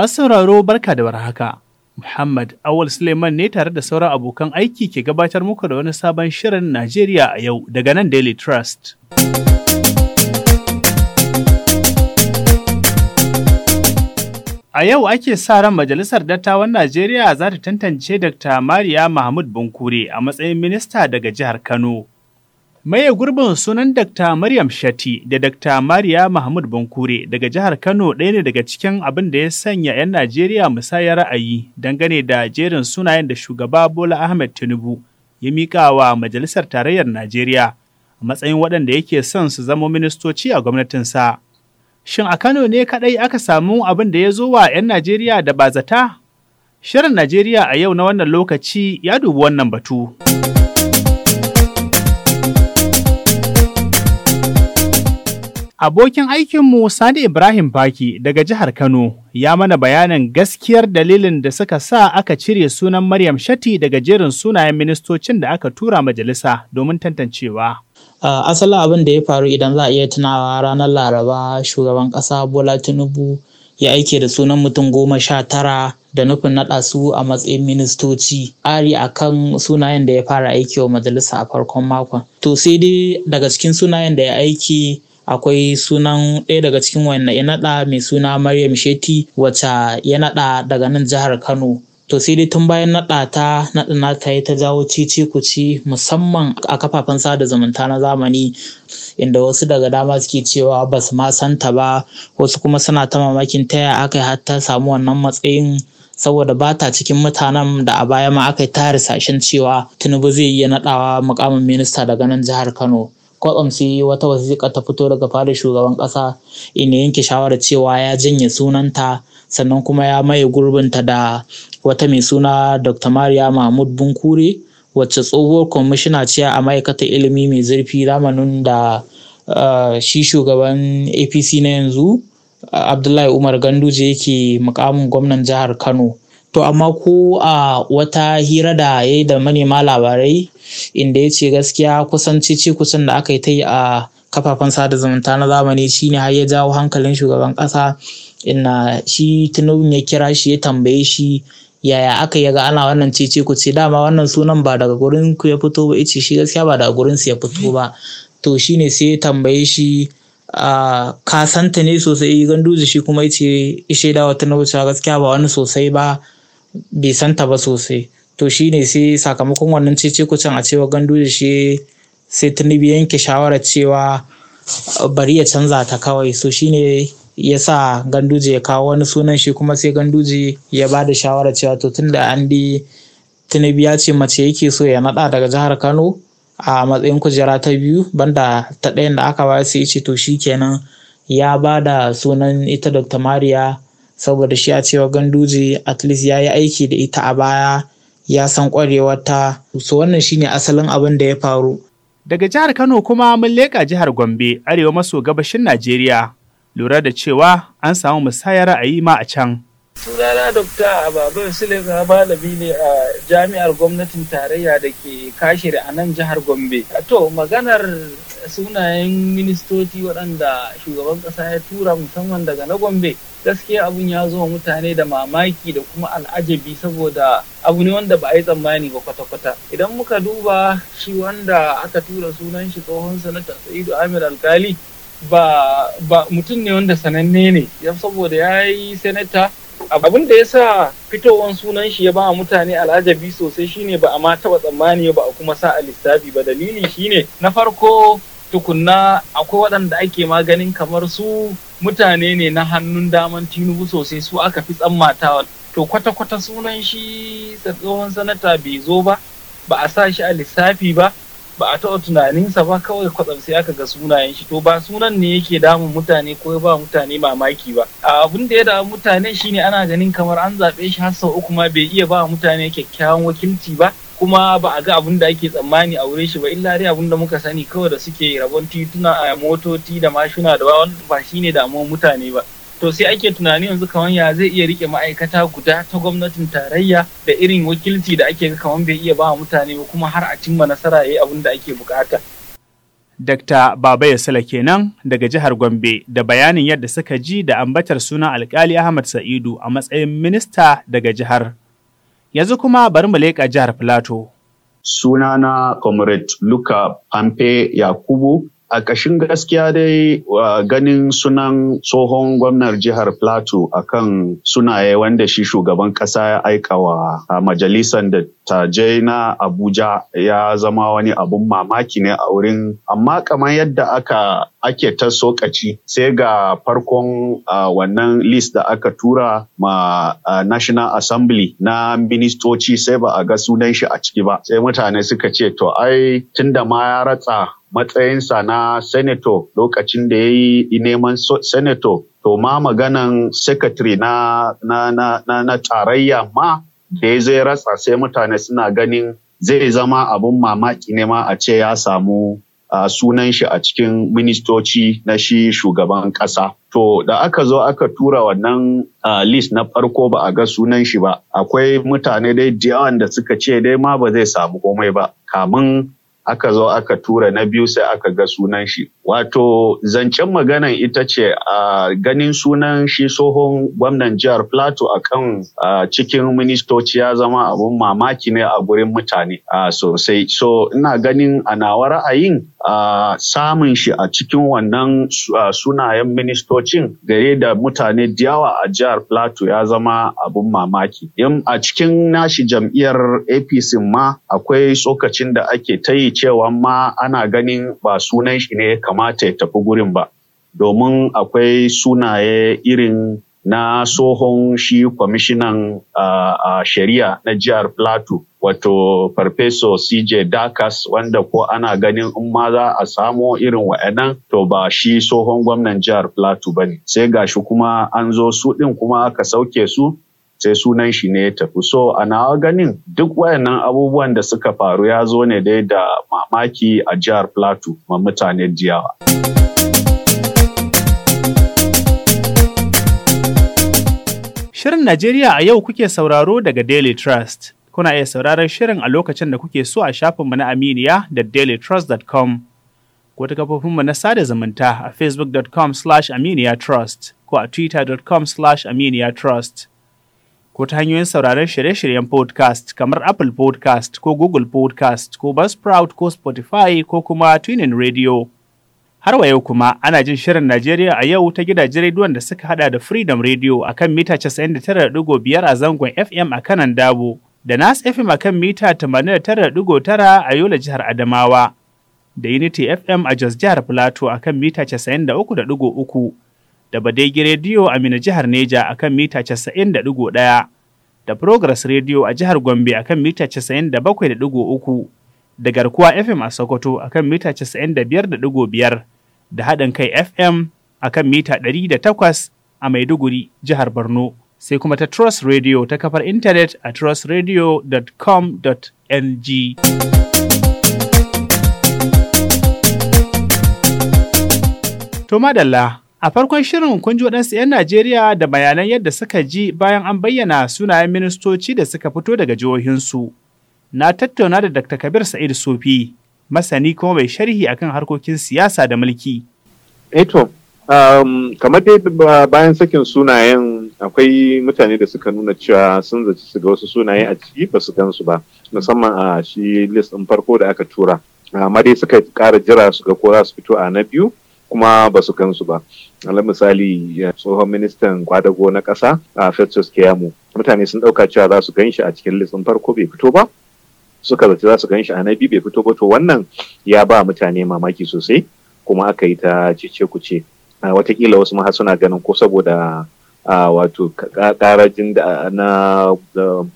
Masu sauraro barka da warhaka. Muhammad Awal Suleiman ne tare da sauran abokan aiki ke gabatar muku da wani sabon shirin Najeriya a yau daga nan Daily Trust. A yau ake sa ran Majalisar Dattawan Najeriya za ta tantance Dr. Mariya Mahmud Bunkure a matsayin minista daga jihar Kano. Maye gurbin sunan Dr. Maryam Shati da Dr. Mariya Mahmud Bankure daga jihar Kano ɗaya ne daga cikin abin da ya sanya 'yan Najeriya musaya ra'ayi dangane da jerin sunayen da shugaba Bola Ahmed Tinubu ya miƙa wa Majalisar Tarayyar Najeriya a matsayin waɗanda yake son su zama ministoci a gwamnatinsa. Shin a Kano ne kaɗai aka samu abin da ya zo wa 'yan Najeriya da ba zata? Shirin Najeriya a yau na wannan lokaci ya dubi wannan batu. Abokin aikinmu Sani Ibrahim Baki daga jihar Kano ya mana bayanin gaskiyar dalilin da suka sa aka cire sunan Maryam Shati daga jerin sunayen ministocin da aka tura majalisa domin tantancewa. Uh, asalin abin da ya faru idan za a iya tunawa ranar Laraba shugaban ƙasa Bola Tinubu ya aike da sunan mutum goma sha tara da nufin naɗa su a matsayin ministoci ari a kan sunayen da ya fara aiki wa majalisa a farkon makon. To sai dai daga cikin sunayen da ya aiki akwai sunan ɗaya daga cikin wanda ya naɗa mai suna Maryam sheti wacce ya naɗa daga nan jihar Kano. To sai dai tun bayan naɗa ta naɗa na ta yi ta jawo cici ci musamman a kafafen sada zumunta na zamani inda wasu daga dama suke cewa ba su ma santa ba wasu kuma suna ta mamakin taya aka yi har ta samu wannan matsayin saboda ba ta cikin mutanen da a baya ma aka yi ta harsashen cewa tinubu zai iya naɗawa mukamin minista daga nan jihar kano kwatsam sai wata wasiƙa ta fito daga fadar shugaban ƙasa inda yanke shawarar cewa ya janye sunanta sannan kuma ya maye gurbinta da wata mai suna dr mariya mahmud bunkure wacce tsohuwar kwamishina ce a ma'aikatar ilimi mai zurfi zamanin da eh, shi shugaban apc na yanzu abdullahi umar ganduje yake mukamin gwamnan jihar kano to amma ko a wata hira da ya yi da manema labarai inda ya ce gaskiya kusan cece kusan da aka yi ta yi a kafafen sada zumunta na zamani shi ne har ya jawo hankalin shugaban ƙasa inna shi tinubu ya kira shi ya tambaye shi yaya aka yi ga ana wannan ce ku ce dama wannan sunan ba daga gurin ku ya fito ba ice shi gaskiya ba daga gurin su ya fito ba to shi ne sai ya tambaye shi a kasanta ne sosai ganduje shi kuma ce ishe da wata na gaskiya ba wani sosai ba bai santa ba sosai to shi ne sai sakamakon wannan cece kucin a cewa gandu da shi sai tinubu yanke shawarar cewa bari ya canza ta kawai so ne ya sa ganduje ya kawo wani sunan shi kuma sai ganduje ya ba da shawarar cewa to tun da an di ya ce mace yake so ya naɗa daga jihar kano a matsayin kujera ta biyu banda ta ɗayan da aka ba sai ya ce to kenan ya ba da sunan ita dr mariya saboda shi a cewa ganduje at least ya yi aiki da ita a baya ya san ta. so wannan shine asalin abin da ya faru daga jihar kano kuma mun leka jihar gombe arewa maso gabashin najeriya lura da cewa an samu musayar ra'ayi ma a can sunana dokta ababen silika malami ne a jami'ar gwamnatin tarayya da ke kashiri a nan jihar gombe to maganar sunayen ministoci waɗanda shugaban ƙasa ya tura musamman daga na gombe gaskiya abun ya zo mutane da mamaki da kuma al'ajabi saboda abu ne wanda ba a yi tsammani ba kwata-kwata idan muka duba shi wanda aka tura sunan shi tsohon sanata sa'idu amir alkali ba, ba mutum ne wanda sananne ne saboda ya yi sanata abin da ya sa fitowar sunan shi ya ba mutane al'ajabi sosai shine ba a ma taɓa tsammani ba a kuma sa a lissafi ba dalili shine na farko tukunna akwai waɗanda ake maganin kamar su mutane ne na hannun daman tinubu sosai su aka fi tsammatawa to kwata-kwata sunan shi tsohon sanata bai zo ba ba a sa shi a lissafi ba ba a taɓa tunaninsa ba kawai kwatsam sai aka ga sunayen shi to ba sunan ne yake damun mutane ko ba mutane mamaki ba abin da ya damu mutane shine ana ganin kamar an zaɓe shi har sau uku ma bai iya ba mutane kyakkyawan wakilci ba kuma ba a ga abin da ake tsammani a wurin shi ba illa dai abin da muka sani kawai da suke rabon tituna a motoci da mashina da ba shine damuwar mutane ba to sai ake tunani yanzu kamar ya zai iya rike ma'aikata guda ta gwamnatin tarayya da irin wakilci da ake kamar bai iya ba mutane ba kuma har a cimma nasara yayi abin da ake bukata Dr. Baba Yasala kenan daga jihar Gombe da bayanin yadda suka ji da ambatar sunan alkali Ahmad Sa'idu a matsayin minista daga jihar. Yanzu kuma bari mu leƙa jihar Filato. Sunana Comrade Luka Pampe Yakubu a ƙashin gaskiya dai ganin sunan tsohon gwamnar jihar plateau kan sunaye wanda shi shugaban ƙasa ya aika wa majalisar da dattajai na abuja ya zama wani abun mamaki ne a wurin amma kamar yadda aka ake ta sokaci sai ga farkon a wannan list da aka tura ma national assembly na ministoci sai ba a ga sunan shi a ciki ba sai mutane suka ce to ai tunda ma ya ratsa matsayinsa na senator lokacin da ya yi neman senator to ma maganan secretary na na na na, na tarayya ma da ya zai ratsa sai mutane suna ganin zai zama abun mamaki ne ma a ce ya samu A sunan shi a cikin ministoci na shi shugaban ƙasa. To da aka zo aka tura wannan uh, list na farko ba a ga sunan shi ba, akwai mutane dai yawan da suka ce dai ma ba zai samu komai ba, kamun aka zo aka tura na biyu sai aka ga sunan shi. Wato zancen maganan ita ce a ganin sunan shi tsohon gwamnan jihar Plateau a kan cikin ministoci ya zama abun mamaki ne a gurin mutane uh, sosai. So ina ganin a nawa ra'ayin A samun shi a cikin wannan sunayen ministocin gare da mutane diyawa a jihar plateau ya zama abun mamaki a cikin nashi jam'iyyar apc ma akwai tsokacin da ake ta yi cewa ma ana ganin ba sunan shi ne kamata ya tafi gurin ba domin akwai sunaye irin na tsohon shi kwamishinan shari'a na jihar plateau wato farfeso CJ Dakas wanda ko ana ganin in ma za a samo irin wa'annan to ba shi tsohon gwamnan jihar Plateau bane sai gashi kuma an zo su din kuma aka sauke su sai sunan shi ne ya tafi so a nawa ganin duk wayannan abubuwan da suka faru ya zo ne dai da mamaki a jihar Plateau ma mutane jiyawa. Shirin Najeriya a yau kuke sauraro daga Daily Trust. Kuna iya sauraron shirin a lokacin da kuke so a shafinmu na Aminiya da dailytrust.com ko ta kafofinmu na sada zumunta a facebook.com slash aminiyatrust ko a twitter.com slash aminiyatrust ko ta hanyoyin sauraron shirye-shiryen podcast kamar Apple podcast ko Google podcast ko Buzzsprout ko Spotify ko kuma Tunin Radio. Har wa yau kuma ana jin shirin Najeriya a yau ta gidaje rediyon da suka hada da Freedom Radio a kan mita 99.5 a zangon FM a kanan Dabo. da Nas FM a kan mita 89.9 a Yola jihar Adamawa, da Unity FM a Jos jihar Filato a kan mita 93.3, da Badegi Radio a Mina jihar Neja a kan mita 90.1, da Progress Radio a jihar Gombe a kan mita 97.3, da Garkuwa FM a Sokoto a kan mita 95.5, da Haɗin Kai FM a kan mita 108 a Maiduguri, jihar Borno. sai kuma ta Trust Radio ta kafar intanet a trustradio.com.ng. To madalla, a farkon shirin kun ji waɗansu 'yan Najeriya da bayanan yadda suka ji bayan an bayyana sunayen ministoci da suka fito daga jihohinsu. Na tattauna da Dr. Kabir Sa'id Sofi, masani kuma mai sharhi akan harkokin siyasa da mulki. Eto, eh um, kamar dai bayan sakin sunayen akwai mutane da suka nuna cewa sun zaci su ga wasu sunaye a ciki ba su gansu ba musamman a shi list ɗin farko da aka tura amma dai suka kara jira su ga ko za su fito a na biyu kuma ba su gansu ba ala misali tsohon ministan kwadago na kasa a festus kiyamu mutane sun ɗauka cewa za su gan shi a cikin list ɗin farko bai fito ba suka zaci za su gan a na biyu bai fito ba to wannan ya ba mutane mamaki sosai kuma aka yi ta cece kuce Ah, watakila wasu ma suna ganin ko saboda ah, wato karajin da na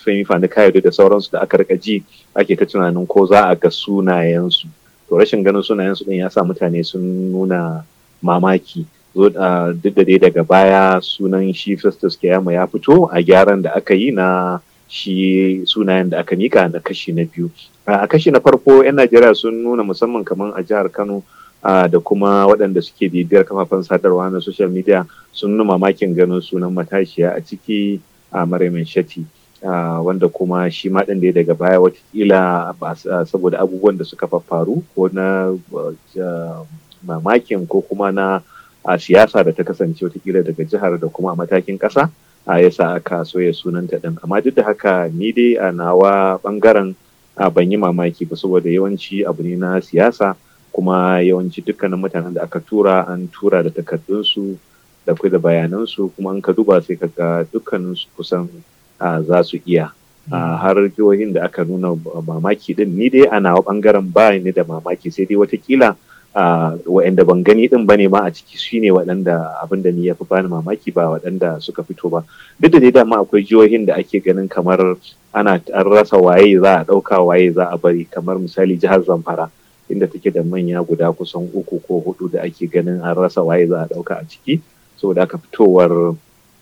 femi fani kayode da sauransu da aka rika ji ake ta tunanin ko za a ga sunayensu to rashin ganin sunayensu din ya sa mutane sun nuna mamaki ah, duk da dai daga baya sunan shi festus kiyama ya fito a gyaran da aka yi na shi sunayen da aka mika na kashi na biyu a kashi na farko 'yan najeriya sun nuna musamman kamar a jihar kano da kuma waɗanda suke bibiyar kafafen sadarwa na social media sun nuna mamakin ganin sunan matashiya a ciki a maraimin shati wanda kuma shi ma ɗin da ya daga baya watakila saboda abubuwan da suka faru ko na mamakin ko kuma na siyasa da ta kasance watakila daga jihar da kuma a matakin ƙasa a yasa aka soya sunanta ɗin amma duk da haka ni dai a nawa ɓangaren ban yi mamaki ba saboda yawanci abu ne na siyasa kuma yawanci dukkanin mutanen da aka tura an tura da takardunsu da kai da bayanansu kuma an ka duba sai kaga su kusan za su iya hmm. har jihohin da aka nuna mamaki din ni dai a nawa bangaren ba ni da mamaki sai dai watakila wa'anda ban gani din bane ma a ciki shi ne waɗanda abin da ni ya fi bani mamaki ba waɗanda suka fito ba duk da dai dama akwai jihohin da ake ganin kamar ana an rasa waye za a ɗauka waye za a bari kamar misali jihar zamfara inda take da manya guda kusan uku ko hudu da ake ganin an rasa waye za a dauka a ciki saboda aka fitowar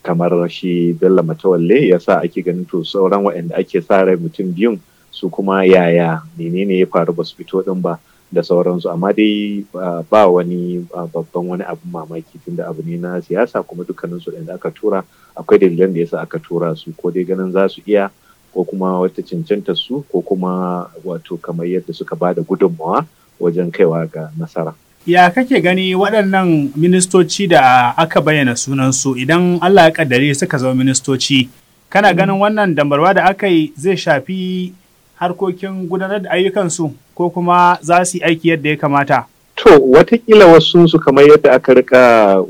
kamar shi Bello Matawalle ya sa ake ganin to sauran waɗanda ake sa rai mutum biyun su kuma yaya menene ya faru ba su fito din ba da sauransu amma dai ba wani babban wani abin mamaki tunda abu ne na siyasa kuma dukkaninsu da aka tura akwai dalilan da yasa aka tura su ko dai ganin za su iya ko kuma wata cancanta su ko kuma wato kamar yadda suka ba da gudunmawa wajen kaiwa ga nasara. Ya kake gani waɗannan ministoci da aka bayyana sunansu idan Allah ya kaddare suka zama ministoci, kana ganin mm. wannan dambarwa da aka yi zai shafi harkokin gudanar da ayyukansu ko kuma za su yi aiki yadda ya kamata? To, watakila wasu su kamar yadda aka rika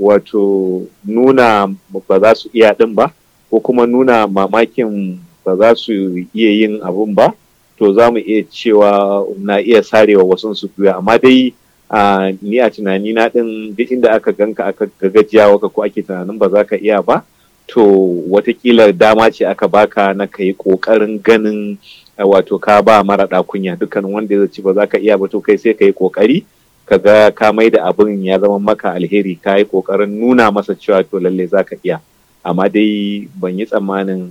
wato nuna ba za su iya ɗin ba, ko kuma nuna mamakin ba za su iya yin abun ba. to za mu iya cewa na iya sarewa wasu su guya amma dai a ni a tunani na din duk inda aka ganka aka gagajiya waka ko ake tunanin ba za ka iya ba to watakila dama ce aka baka na ka yi kokarin ganin wato ka ba mara kunya dukkan wanda ya ci ba za ka iya ba to kai sai ka yi kokari ka ga ka mai da abin ya zama maka alheri ka yi kokarin nuna masa cewa to lalle za ka iya amma dai ban yi tsammanin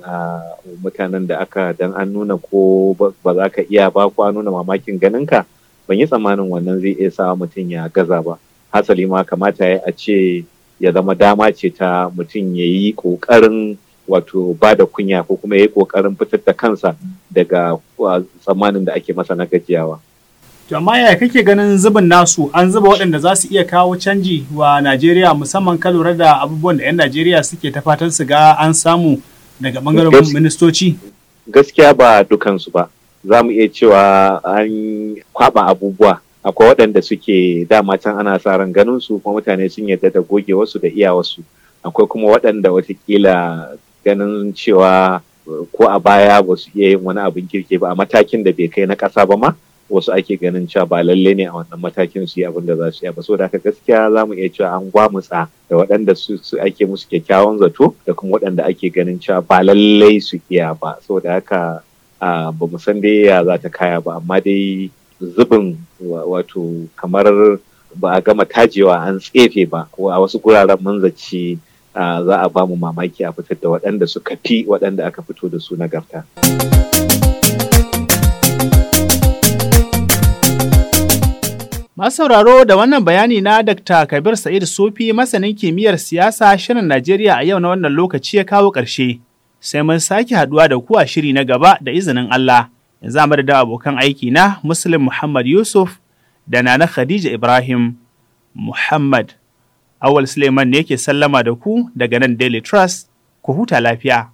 mutanen da aka dan an nuna ko ba za ka iya ba ko an nuna mamakin ganinka ban yi tsammanin wannan zai iya sa mutum ya gaza ba hasali ma kamata ya a ce ya zama dama ce ta mutum ya yi ƙoƙarin wato ba da kunya ko kuma ya yi ƙoƙarin fitar da kansa daga tsammanin da ake masa na gajiyawa. To amma yaya kake ganin zubin nasu an zuba waɗanda za su iya kawo canji wa Najeriya musamman ka lura da abubuwan da 'yan Najeriya suke ta fatan su ga an samu daga ɓangaren ministoci? Gaskiya ba dukansu ba. Za mu iya cewa an kwaɓa abubuwa. Akwai waɗanda suke dama can ana sa ran ganin su kuma mutane sun yarda da goge wasu da iya wasu. Akwai kuma waɗanda watakila ganin cewa ko a baya ba su iya yin wani abin kirki ba a matakin da bai kai na ƙasa ba ma. wasu ake ganin cewa ba lalle ne a wannan matakin su yi abin da za su yi ba da haka gaskiya za mu iya cewa an gwamutsa da waɗanda su ake musu kyakkyawan zato da kuma waɗanda ake ganin cewa ba lalle su iya ba da haka ba mu san dai ya za ta kaya ba amma dai zubin wato kamar ba a gama tajewa an tsefe ba a wasu guraren mun zaci za a ba mu mamaki a fitar da waɗanda suka fi waɗanda aka fito da su na nagarta. Masu sauraro da wannan bayani na Dr. Kabir Sa'id Sufi masanin kimiyyar siyasa shirin Najeriya a yau na wannan lokaci ya kawo ƙarshe. Sai mun sake haduwa da kuwa shiri na gaba da izinin Allah. Yanzu mu da abokan aiki na Muslim Muhammad Yusuf da Nana Khadija Ibrahim Muhammad. Awal Suleiman ne ke sallama da ku daga nan Daily Trust. Ku huta lafiya.